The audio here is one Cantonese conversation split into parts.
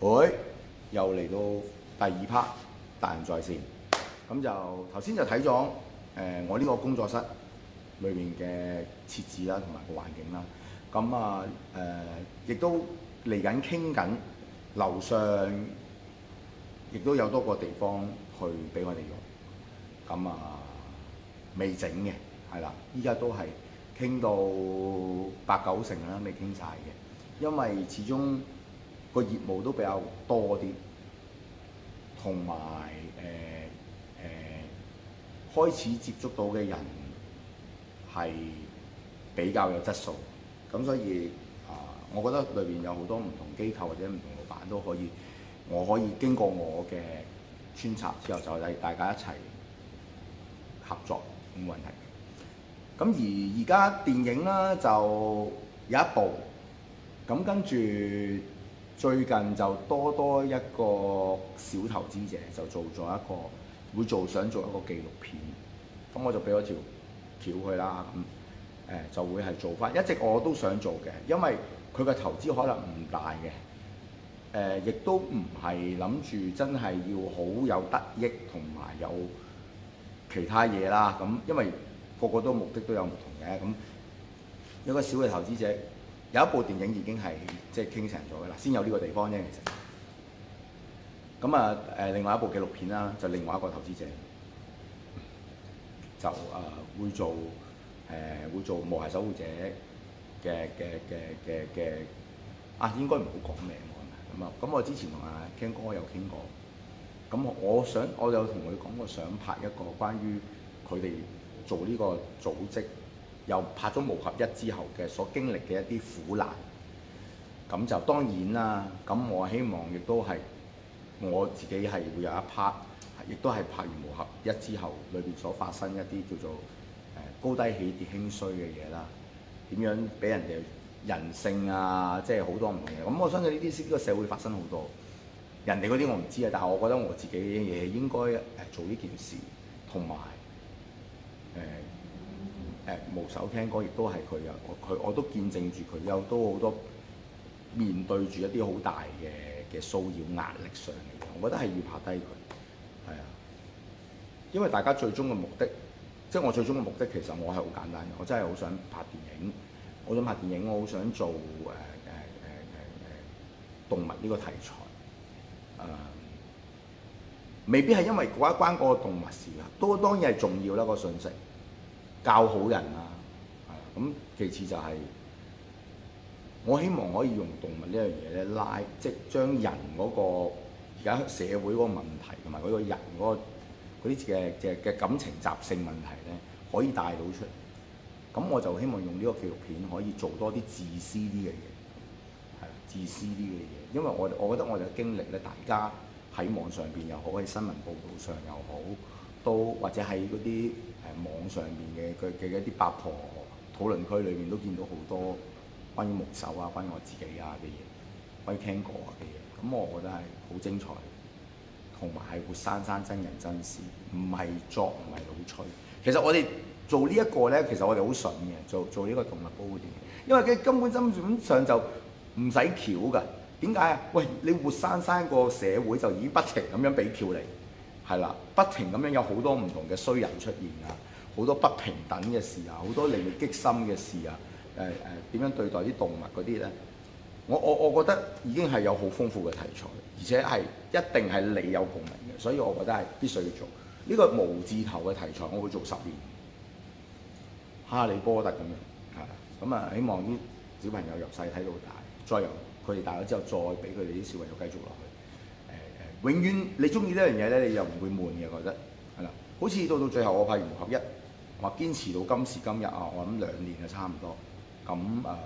喂、哎，又嚟到第二 part 達仁在線，咁就頭先就睇咗誒，我呢個工作室裏面嘅設置啦、啊，同埋個環境啦、啊，咁啊誒、呃，亦都嚟緊傾緊樓上，亦都有多個地方去俾我哋用，咁啊未整嘅係啦，依家都係傾到八九成啦，未傾晒嘅，因為始終。個業務都比較多啲，同埋誒誒開始接觸到嘅人係比較有質素，咁所以啊、呃，我覺得裏邊有好多唔同機構或者唔同老闆都可以，我可以經過我嘅穿插之後，就係大家一齊合作冇、這個、問題。咁而而家電影啦，就有一部咁跟住。最近就多多一個小投資者，就做咗一個會做想做一個紀錄片，咁我就俾咗條條佢啦，咁誒就會係做翻，一直我都想做嘅，因為佢嘅投資可能唔大嘅，誒亦都唔係諗住真係要好有得益同埋有其他嘢啦，咁因為個個都目的都有唔同嘅，咁有個小嘅投資者。有一部電影已經係即係傾成咗嘅啦，先有呢個地方啫。其實咁啊誒，另外一部紀錄片啦，就另外一個投資者，就誒、呃、會做誒、呃、會做無瑕守護者嘅嘅嘅嘅嘅啊，應該唔好講名咁啊。咁我之前同阿 King 哥有傾過，咁我想我有同佢講過，想拍一個關於佢哋做呢個組織。又拍咗《無合一》之後嘅所經歷嘅一啲苦難，咁就當然啦。咁我希望亦都係我自己係會有一 part，亦都係拍完《無合一》之後裏邊所發生一啲叫做誒高低起跌興衰嘅嘢啦。點樣俾人哋人性啊，即係好多唔同嘢。咁我相信呢啲呢個社會發生好多人哋嗰啲我唔知啊，但係我覺得我自己嘅嘢應該誒做呢件事，同埋誒。呃誒無手聽歌，亦都係佢啊！佢我，我都見證住佢有都好多面對住一啲好大嘅嘅騷擾壓力上嚟，我覺得係要拍低佢，係啊！因為大家最終嘅目的，即係我最終嘅目的，其實我係好簡單嘅，我真係好想拍電影，我想拍電影，我好想做誒誒誒誒誒動物呢個題材啊，嗯！未必係因為嗰一關嗰個動物事啊，都當然係重要啦個信息。教好人啊，咁其次就係、係、我希望可以用動物呢樣嘢呢，拉，即係將人嗰、嗰個而家社會嗰個問題同埋嗰個人嗰啲嘅嘅感情習性問題呢，可以帶到出嚟。咁我就希望用呢個紀錄片可以做多啲自私啲嘅嘢，自私啲嘅嘢。因為我我覺得我哋嘅經歷呢，大家喺網上邊又好，喺新聞報導上又好。都或者喺嗰啲誒網上面嘅佢嘅一啲八婆討論區裏面都見到好多關於木手啊、關於我自己啊嘅嘢，可以聽過嘅嘢。咁我覺得係好精彩，同埋係活生生真人真事，唔係作，唔係老吹。其實我哋做呢一個咧，其實我哋好順嘅，做做呢個動物保護啲嘢，因為佢根本根本上就唔使橋㗎。點解啊？喂，你活生生個社會就已經不停咁樣俾橋你。係啦，不停咁樣有好多唔同嘅衰人出現啊，好多不平等嘅事啊，好多令你激心嘅事啊，誒誒點樣對待啲動物嗰啲咧？我我我覺得已經係有好豐富嘅題材，而且係一定係你有共鳴嘅，所以我覺得係必須要做呢、這個無字頭嘅題材，我會做十年《哈利波特》咁樣，係，咁、嗯、啊希望啲小朋友由細睇到大，再由佢哋大咗之後，再俾佢哋啲小朋友繼續落去。永遠你中意呢樣嘢咧，你又唔會悶嘅，覺得係啦。好似到到最後，我係唔合一，話堅持到今時今日啊，我諗兩年嘅差唔多。咁誒、呃，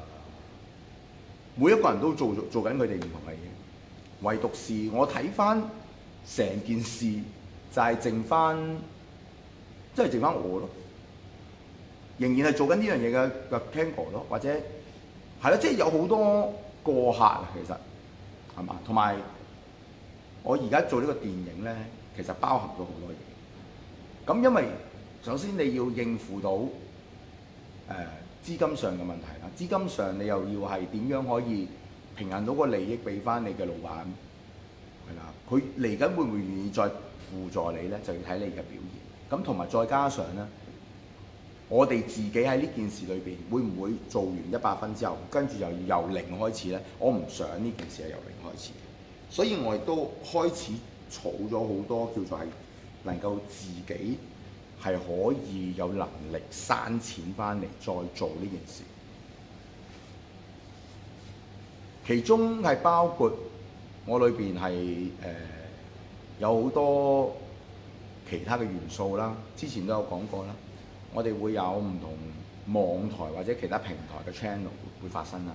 每一個人都做做緊佢哋唔同嘅嘢，唯獨是我睇翻成件事就係剩翻，即係剩翻我咯。仍然係做緊呢樣嘢嘅 candle 咯，或者係咯，即係有好多過客啊，其實係嘛，同埋。我而家做呢個電影呢，其實包含咗好多嘢。咁因為首先你要應付到誒、呃、資金上嘅問題啦，資金上你又要係點樣可以平衡到個利益俾翻你嘅老闆，係啦。佢嚟緊會唔會願意再輔助你呢？就要睇你嘅表現。咁同埋再加上呢，我哋自己喺呢件事裏邊會唔會做完一百分之後，跟住又要由零開始呢？我唔想呢件事係由零開始。所以我亦都開始儲咗好多，叫做係能夠自己係可以有能力生錢翻嚟，再做呢件事。其中係包括我裏邊係誒有好多其他嘅元素啦，之前都有講過啦。我哋會有唔同網台或者其他平台嘅 channel 會發生啦。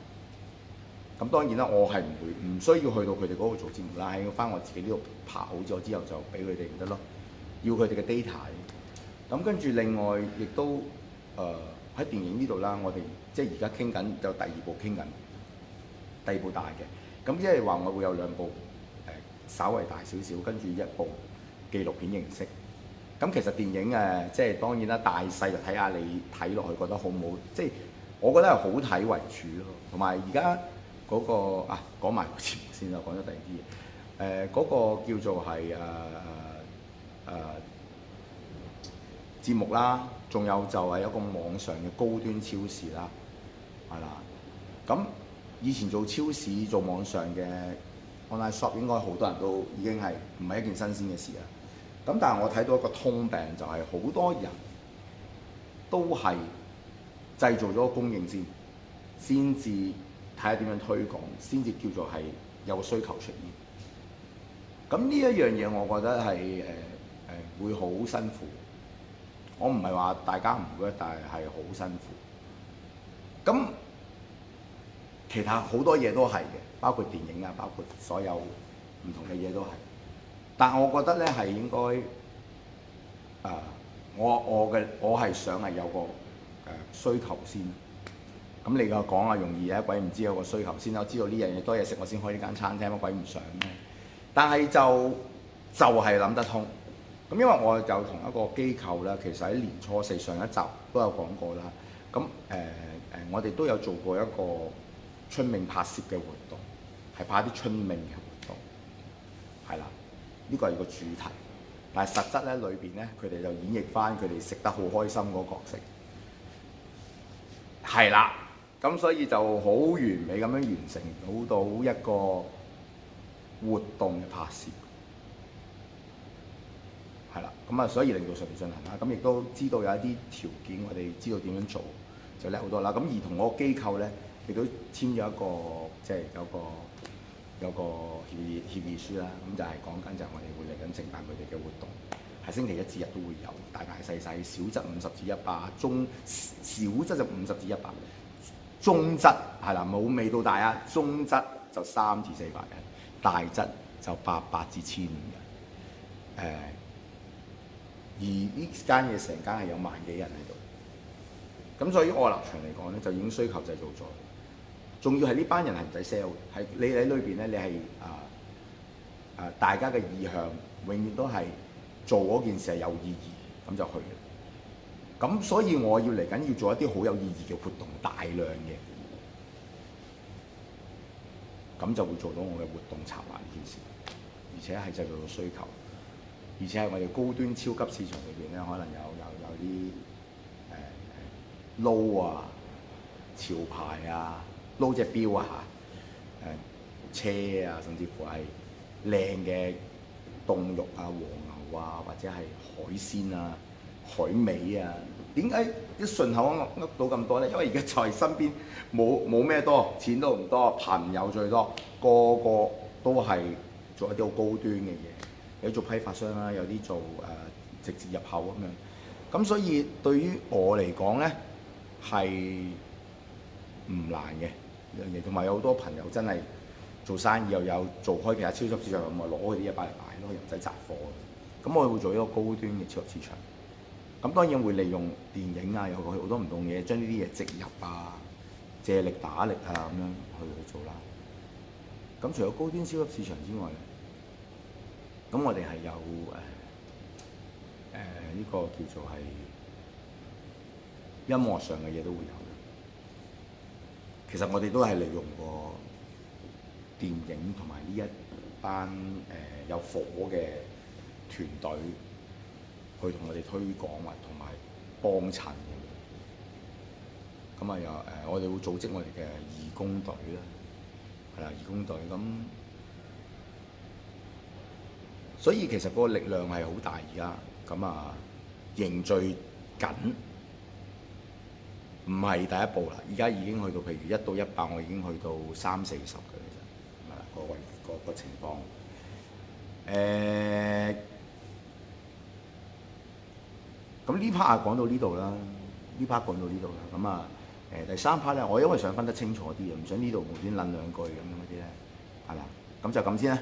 咁當然啦，我係唔會唔需要去到佢哋嗰度做節目啦，喺返我自己呢度拍好咗之、之後就俾佢哋唔得咯。要佢哋嘅 data。咁跟住另外亦都誒喺、呃、電影呢度啦，我哋即係而家傾緊就第二部傾緊第二部大嘅。咁即係話我會有兩部誒稍為大少少，跟住一部紀錄片形式。咁其實電影誒即係當然啦，大細就睇下你睇落去覺得好唔好。即係我覺得係好睇為主咯，同埋而家。嗰個啊講埋先啦，講咗第二啲嘢。誒嗰個叫做係誒誒節目啦，仲有就係一個網上嘅高端超市啦，係啦。咁以前做超市做網上嘅 online shop 應該好多人都已經係唔係一件新鮮嘅事啦。咁但係我睇到一個通病就係好多人都係製造咗個供應線，先至。睇下點樣推廣先至叫做係有需求出現。咁呢一樣嘢，我覺得係誒誒會好辛苦。我唔係話大家唔會，但係係好辛苦。咁其他好多嘢都係嘅，包括電影啊，包括所有唔同嘅嘢都係。但係我覺得呢係應該誒、呃，我我嘅我係想係有個誒需求先。咁你個講啊容易啊，鬼唔知有個需求先啦。我知道呢樣嘢多嘢食，我先開呢間餐廳，乜鬼唔想咩？但係就就係、是、諗得通。咁因為我有同一個機構咧，其實喺年初四上一集都有講過啦。咁誒誒，我哋都有做過一個春茗拍攝嘅活動，係拍啲春茗嘅活動，係啦。呢個係個主題，但係實質咧裏邊咧，佢哋就演繹翻佢哋食得好開心嗰個角色，係啦。咁所以就好完美咁樣完成到到一個活動嘅拍攝。係啦。咁啊，所以令到順利進行啦。咁亦都知道有一啲條件，我哋知道點樣做就叻好多啦。咁而同我機構咧亦都簽咗一個，即係有個有個協議協議書啦。咁就係講緊，就係我哋會嚟緊承辦佢哋嘅活動，係星期一至日都會有大大細細，小則五十至一百，中小則就五十至一百。中質係啦，冇味到大啊。中質就三至四百人，大質就八百至千五人。誒、呃，而呢間嘢成間係有萬幾人喺度。咁所以我立場嚟講咧，就已經需求製造咗。仲要係呢班人係唔使 sell，喺你喺裏邊咧，你係啊啊大家嘅意向永遠都係做嗰件事係有意義，咁就去。咁所以我要嚟緊要做一啲好有意義嘅活動，大量嘅，咁就會做到我嘅活動策劃呢件事，而且係製造嘅需求，而且係我哋高端超級市場裏邊咧，可能有有有啲誒撈啊潮牌啊撈隻錶啊嚇誒、啊啊呃、車啊，甚至乎係靚嘅凍肉啊、黃牛啊，或者係海鮮啊。海味啊，點解一順口噏到咁多咧？因為而家在身邊冇冇咩多，錢都唔多，朋友最多，個個都係做一啲好高端嘅嘢，有做批發商啦，有啲做誒、呃、直接入口咁樣。咁所以對於我嚟講咧，係唔難嘅樣嘢，同埋有好多朋友真係做生意又有做開其他超級市場咁咪攞佢啲嘢擺嚟賣咯，又唔使雜貨。咁我會做一個高端嘅超級市場。咁當然會利用電影啊，有好多唔同嘅嘢，將呢啲嘢植入啊、借力打力啊，咁樣去去做啦。咁除咗高端超級市場之外咧，咁我哋係有誒誒呢個叫做係音樂上嘅嘢都會有嘅。其實我哋都係利用過電影同埋呢一班誒、呃、有火嘅團隊。去同我哋推廣啊，同埋幫襯咁樣。咁啊又誒，我哋會組織我哋嘅義工隊啦，係啦，義工隊咁。所以其實個力量係好大而家，咁啊凝聚緊，唔係第一步啦。而家已經去到譬如一到一百，我已經去到三四十嘅啫，係啦，個位個個情況誒。呃咁呢 part 啊講到呢度啦，呢 part 講到呢度啦，啊第三 part 咧，我因為想分得清楚啲啊，唔想呢度無端端撚兩句咁樣嗰啲，係啦，咁就咁先啦。